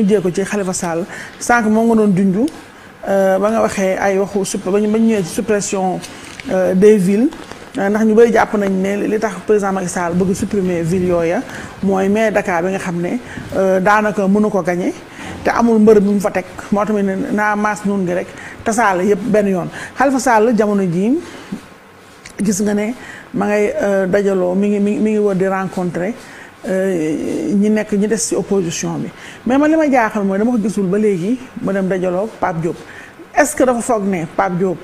mujjee ko ci xalifa Sall sànq moo nga doon junju euh, ba nga waxee ay waxu supp ba ñu ñëwee ci suppression euh, des villes euh, ndax ñu bëri jàpp nañ ne li tax président Macky Sall bëgg supprimer ville yooya mooy mais Dakar bi nga xam ne daanaka mënu ko gañe te amul mbër bi mu fa teg moo tamit naa mas noonu gi rek tasaal yëpp benn yoon xalifa Sall jamono jii gis nga ne ma ngay dajaloo mi ngi mi ngi mi ngi war di rencontrer ñi nekk ñi des ci opposition bi mais ma li ma jaaxal mooy dama ko gisul ba léegi ma dem dajaloo Pape Diop est-ce que dafa foog ne Pape Diop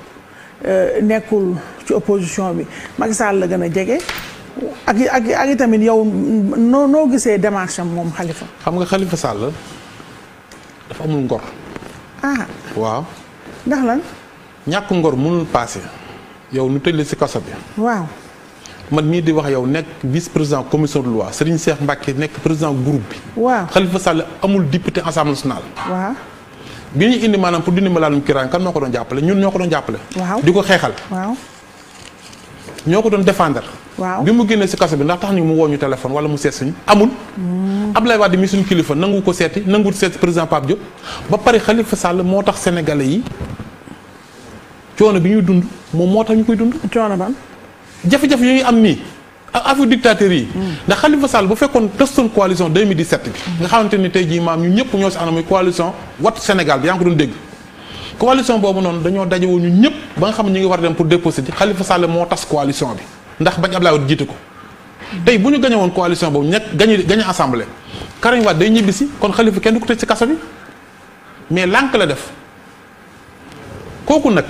euh, nekkul ci opposition bi Macky Sall la gën a jege ak i ak ak tamit yow noo noo gisee démarche am moom Khalifa. xam nga Khalifa Sall dafa amul ngor. ah waaw. ndax lan. ñàkk ngor mënul paase yow ñu tëj la ci kaso bi. waaw. man mii di wax yow nekk vice président commission de loi Serigne Cheikh Mbacke nekk président groupe bi. waaw Khalifa Sall amul député assemblée nationale. waaw. bi ñu indi maanaam pour dindi mbalaanum kiraan kan moo ko doon jàppale ñun ñoo ko doon jàppale. waaw ko xeexal. ñoo ko doon défendre. waaw bi mu génnee si kaso bi ndax tax ñu mu woo ñu téléphone wala mu seet suñu amul. Hmm. Abdoulaye Wade mi suñu kilifa nangu ko seeti nangu seet président Pape Diop ba pare Khalifa Sall moo tax sénégalais yi coono bi ñuy dund moom moo tax ñu koy dund. coono ban. jafe-jafe yooyu am nii affaire dictateur yi ndax Khalifa Sall bu fekkoon testoon coalition 2017 bi nga xamante ni tey jii maam ñu ñëpp ñoo si ana muy coalition Wattu Sénégal bi yaa ngi doon dégg coalition boobu noonu dañoo dajewoo ñu ñëpp ba nga xam ne ñu ngi war dem pour déposer ji Khalifa Sall moo tas coalition bi ndax bañ Abdoulaye Wade jiite ko tey bu ñu gañe woon coalition boobu ñekk gañe gañe assemblée Karim Wade day ñibbi si kon Khalifa kenn ko tëj si kaso bi mais lànk la def kooku nag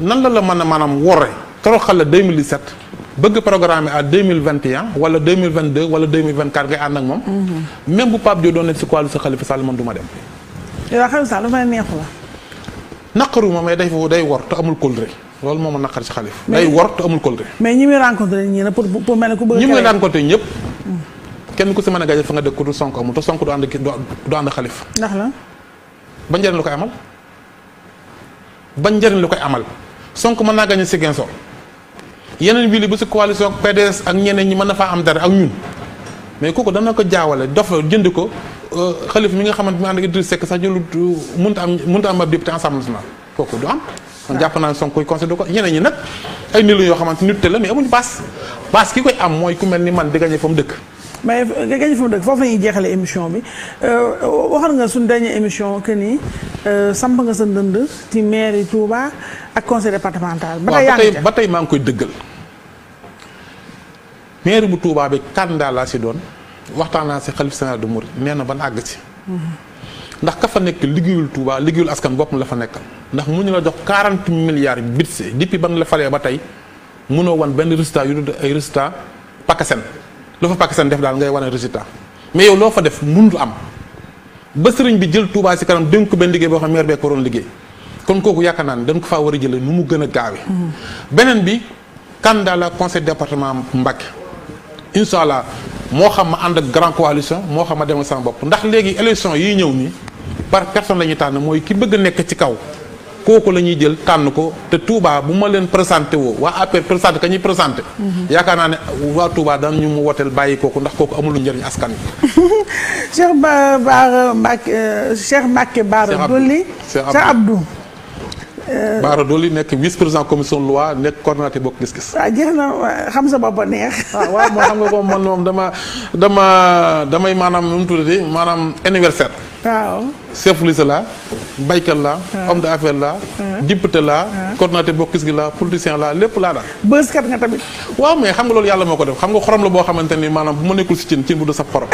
nan la la mën a maanaam worre toroxal la 2017 bëgg programme à 2021 wala 2022 wala 2024 ngay ànd ak moom. Mm-hmm. même bu Pape Diop doon nekk si coalition Khalifa Sall man du ma dem. yow Khalifa Sall lu ma neexu la. naqaru ma mais day day wor te amul kóllëre loolu moo ma naqar si xalifa day wor te amul kóllëre. mais ñi muy rencontré ñi la pour pour mel ne ku bëgg ñi muy rencontré ñëpp. Mm. kenn ku si mën a gaje fa nga dëkk ku du Sonko amul te Sonko du ànd ki du ànd Khalifa. ndax la. ba njëriñ lu koy amal. ba lu koy amal Sonko mën naa gañe si yeneen wii li bu si coalition ak ñeneen ñi mën na faa am dara ak ñun mais kooku dana ko jaawale dof jënd ko euh, xalif mi nga xamante mi ànd ak Idriss Seck sax jëlu mënta am mënta am ab député Assemblée nationale kooku du am kon jàpp naa Sonko koy ko ñeneen ñi nag ay yoo xamante nit te la mais amuñu mooy ku mel ni man di gañe fa mu dëkk mais nga gañe fa mu dëkk foofu la jeexale émission bi euh, waxoon nga suñu dernière émission que nii euh, samp nga sa ndënd ci mairie Touba ak conseil départemental ba ba tey maa ngi koy dëggal maire bu Touba bi candidat laa si doon waxtaan naa si xalif général de Mouride nee na àgg si. ndax ka fa nekk liggéeyul Touba liggéeyul askan boppam la fa nekkal ndax mu ñu la jox 40 milliards budget depuis ban la falee ba tey mënoo wan benn résultat yu dul ay résultat pakaseen loo fa pakaseen def daal ngay wane résultat mais yow loo fa def mënul am ba sëriñ bi jël Touba si kanam dénk ko benn liggéey boo xam maire bee ko waroon liggéey kon kooku yaakaar naa ne dañ ko faa a jëlee nu mu gën a gaawe mm-hmm. beneen bi candidat la conseil département Mbacké incha allah moo xam ma ànd ak grand coalition moo xam ma dem sama bopp ndax léegi élection yi ñëw nii par personne la ñuy tànn mooy ki bëgg nekk ci kaw kooku la ñuy jël tànn ko te Touba bu ma leen présenté woo waa APR présenté ka ñuy présenté. Mhm. yaakaar naa ne waa Touba daan ñu mu woteel bàyyi kooku ndax kooku amul njëriñ askan wi. Cheikh Ba Baara Mbacke Cheikh Mbacke Baara Dolli Cheikh Abdou. Euh, Baara Doli nekk vice président commission loi nekk coordonnateur bokk gis-gis. waaw jeex na xam sa ba neex. ah waaw moo xam nga ko man moom dama dama damay maanaam nu mu tuddati maanaam anniversaire. waaw chef liste la baykat laa. Ah. homme d'affaires laa. la laa. Ah. la ah. bokk gis gi laa politicien laa lépp laa daal. bëskat nga tamit. waaw mais xam nga loolu yàlla moo ko def xam nga xorom la boo xamante ni maanaam bu ma nekkul si cin cin bu du saf xorom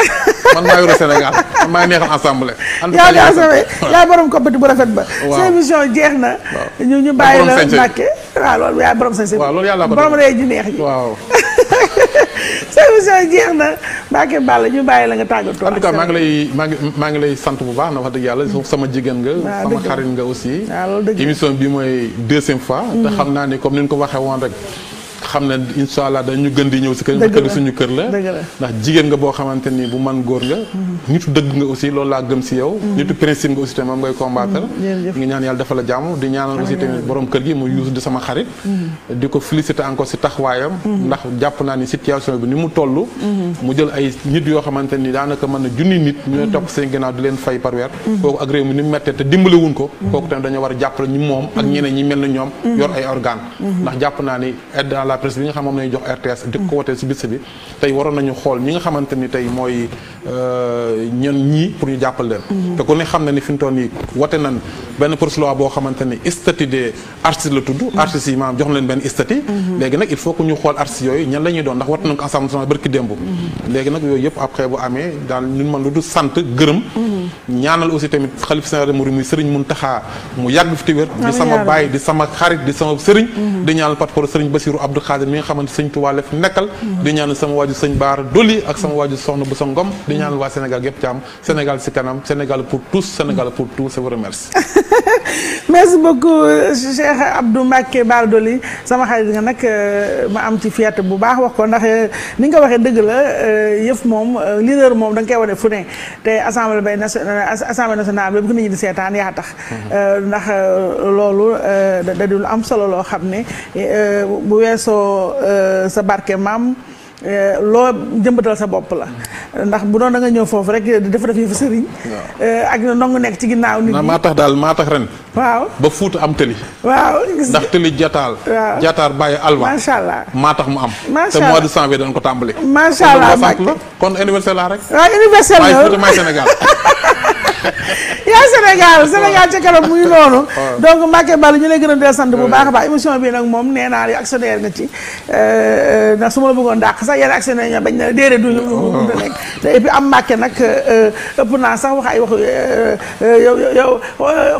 man maa yore Sénégal man maa neexal assemblée. yaa borom koppati bu rafet ba. waaw sa jeex na. ñu ñu bàyyi la Mbàkke waaw loolu yaa borom sañ-sañ. loolu yàlla ko def borom ree ju neex yi sama sooy jeex na Mbacke Balla ñu bàyyi la nga tàggatoo. en tout cas maa ngi lay maa ngi lay sant bu baax na wax dëgg yàlla mm. sama jigéen nga. sama xarit nga aussi. émission bi mooy deuxième fois. te mm. xam naa ni comme ni ñu ko waxee woon rek. xam ne incha allah dañu gën di ñëw si kër kër suñu kër la ndax jigéen nga boo xamante bu man góor nga mm-hmm. nitu dëgg nga aussi loolu laa gëm si yow mm-hmm. nitu principe nga aussi tamit moom mm-hmm. la jàmm di ñaanal aussi tamit borom kër gi mu yuusu di sama xarit di ko féliciter encore si taxawaayam ndax jàpp naa ni situation bi ni mu toll mu jël ay nit yoo xamante ni daanaka mën na junni nit ñooy topp seen ginnaaw di leen fay par weer kooku ak réew mi ni mu mettee te dimbale wuñ ko kooku tamit dañoo war a jàppale ñu moom ak ñeneen ñi mel na ñoom yor ay organe la presse li nga xam moom nañu jox RTS di ko wote si bis bi tey waroon nañu xool ñi nga xamante tey mooy euh, ñen ñii pour ñu jàppal leen mhm. te ku ne xam na ni fi mu toll nii wote nan benn projet loi boo xamante ni statut des artistes la tudd mhm. artistes yi maanaam jox na leen benn statut mhm. léegi nag il faut que ñu xool artistes yooyu ñan la ñuy doon ndax wote nañ ko Assemblée nationale barki démb léegi nag yooyu yëpp après bu amee daal ñun man lu du sant gërëm ñaanal aussi tamit xalif général mu yàgg fi te wér di sama baay di sama xaadim mi nga xamante sëñ Tuubaa la fi nekkal di ñaan sama waaju sëñ Baara Doli ak sama waaju soxna bu sa ngom di ñaan waa Sénégal yëpp ci am Sénégal si kanam Sénégal pour tous Sénégal pour tous je vous remercie merci beaucoup Cheikh Abdou Mbacké Baara Doli sama xarit nga nag euh, ma am ci fierté bu baax wax ko ndax euh, ni nga ko waxee dëgg la euh, yëf moom leader moom da nga koy wane fu ne te assemblée bay assemblée nationale bi bu ko nit ñi di seetaan yaa tax mhm. ndax loolu da dul am solo loo xam ne bu weesoo ko euh, sa barke maam euh, loo jëmbatal sa bopp la ndax bu doon da nga ñëw foofu rek dafa def yëfu sëriñ ak na nekk ci ginnaaw nit ñi maa tax daal maa tax ren waaw ba fuuta am tëli waaw ndax tëli jataal waaw jataar bàyyi alwa macha allah maa tax mu am te mois de janvier dañ ko tàmbali macha allah kon anniversaire la rek waaw ah, anniversaire la maay Sénégal yaa Sénégal Sénégal ca kanam muy noonu donc Mbacké Balla ñu lay gërëm dee sant bu baax a baax émission bi nag moom nee naa yow actionnaire nga ci euh, euh, ndax su ma la bëggoon dàq sax yéen ak ñoo bañ na déedéet duñu da oh. am Mbacké nag euh, ëpp naa sax ay wax yow yow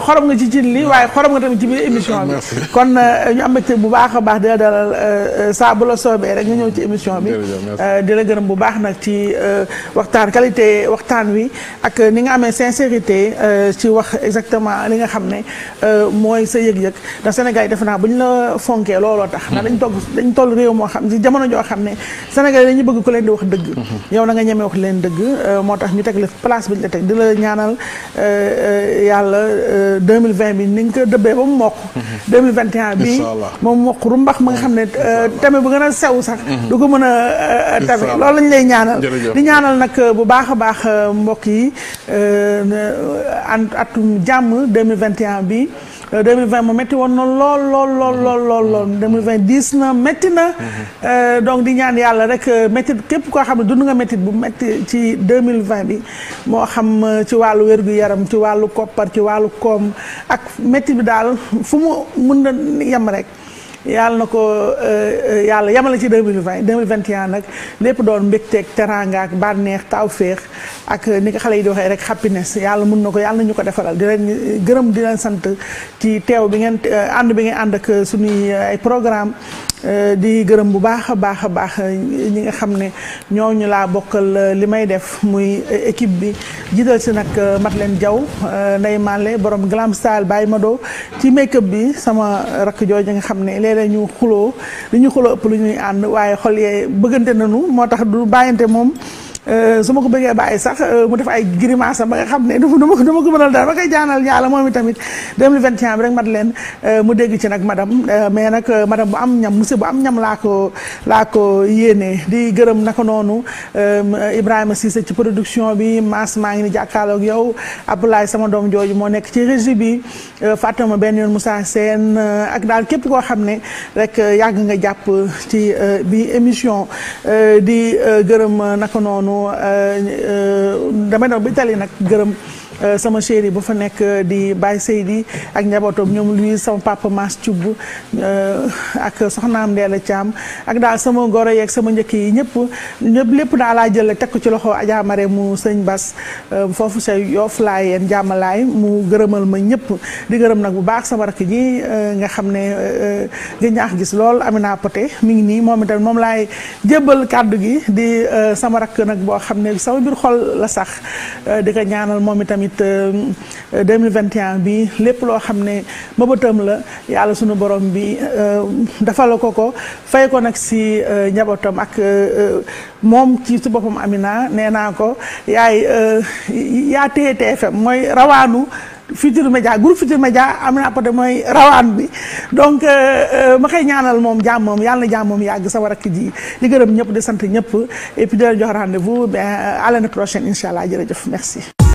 xorom nga ci cin li waaye xorom nga tamit ci biir émission bi kon ñu am mbégte bu baax a baax di la dalal saa la soobee rek nga ñëw ci émission bi di la gërëm bu baax nag ci waxtaan qualité waxtaan wi ak ni nga amee sincère sincérité euh, ci wax exactement li nga xam ne euh, mooy sa yëg-yëg ndax Sénégal yi defe naa bu ñu la fonkee looloo tax ndax dañ togg dañ toll réew moo xam ci jamono joo xam ne Sénégal yi dañu bëgg ku leen di wax dëgg mm-hmm. yow na nga ñemee wax leen dëgg euh, moo tax ñu teg la place bi ñu la teg di la ñaanal yàlla 2020 bi ni nga ko dëbbee ba mu mokk 2021 mm-hmm. bi moom mokk ru ma nga xam ne tamit bu gën a sew sax mm-hmm. du ko mën a tamit loolu lañ lay ñaanal di ñaanal nag bu baax a baax Euh, atum jàmm 2021 bi 2020 euh, mu métti woon na lool lool lool mm-hmm. lool lool lool mm-hmm. vingt diis na métti na mm-hmm. euh, donc di ñaan yàlla rek métti képp koo xam ne dund nga métti bu métti ci 2020 bi moo xam ci wàllu wér-gu-yaram ci wàllu koppar ci wàllu koom ak métti bi daal fu mu mun na yem rek yàlla na ko euh, euh, yàlla yamale ci 2020 2021 nag lépp doon mbégteeg teranga ak bànneex taw féex ak euh, ni ko xale yi di waxee rek happiness yàlla mun na ko yàlla ñu ko defaral di leen gërëm di leen sant ci teew bi ngeen ànd bi ngeen ànd ak suñuy ay programmes Euh, di gërëm bu baax a baax a baax ñi nga xam ne ñooñu laa bokkal euh, li may def muy euh, équipe bi jiital si nag Madeleine Diaw Ndeye Malle borom glam style Baye Mado ci make bi sama rakk jooju nga xam ne léeg ñu xuloo li ñu xuloo ëpp lu ñuy ànd waaye xol yee bëggante nañu moo tax du bàyyante moom. Euh, su ma ko bëggee bàyyi sax euh, mu def ay grimace ba nga xam ne duma ko duma ko mënal dara ba koy jaanal yàlla moom itamit 2021 bi rek mat leen euh, mu dégg ci nag madame mais nag madame bu am ñam monsieur bu am ñam laa ko laa di gërëm naka noonu Ibrahima Cissé ci production bi Mass maa ngi ni jàkkaarloog yow Abdoulaye sama doom jooju moo nekk ci régie bi Fatama benn yoon Moussa Sène ak daal képp koo xam ne rek yàgg nga jàpp ci bi émission di gërëm naka noonu Euh, euh, damay daw ba Italie nag gërëm Euh, sama chéri bu fa nekk euh, di Baye Seydi ak njabootam ñoom luy sama papa Mass Thioub euh, ak soxnaam Ndeela Thiam ak daal sama goro yeek sama njëkk yi ñëpp ñëpp lépp daal laa jël teg ko ci loxo Adja Mare mu sëñ Bas foofu sa yoof laa yeen jàmmalaay mu gërëmal ma ñëpp di gërëm nag bu baax sama rakk ji nga xam ne gën ñaax gis lool Amina Poté mi ngi nii moom itam moom laay jébbal kàddu gi di sama rakk nag boo xam ne sama biir xol la sax di ko ñaanal moom tamit 2021 um, bi lépp loo xam ne mëbëtam la yàlla suñu borom bi euh, defal la ko ko fay ko nag si euh, njabootam ak euh, moom ci su boppam Amina nee naa ko yaay yaa téye TFM mooy rawaanu. Futurs Médias groupe Futurs Médias Amina Poté mooy rawaan bi donc ma koy ñaanal moom jàmmam yàlla na jàmmam yàgg sa war ak ji di gërëm ñëpp di sant ñëpp et puis jox rendez-vous ben à l'année prochaine allah jërëjëf merci.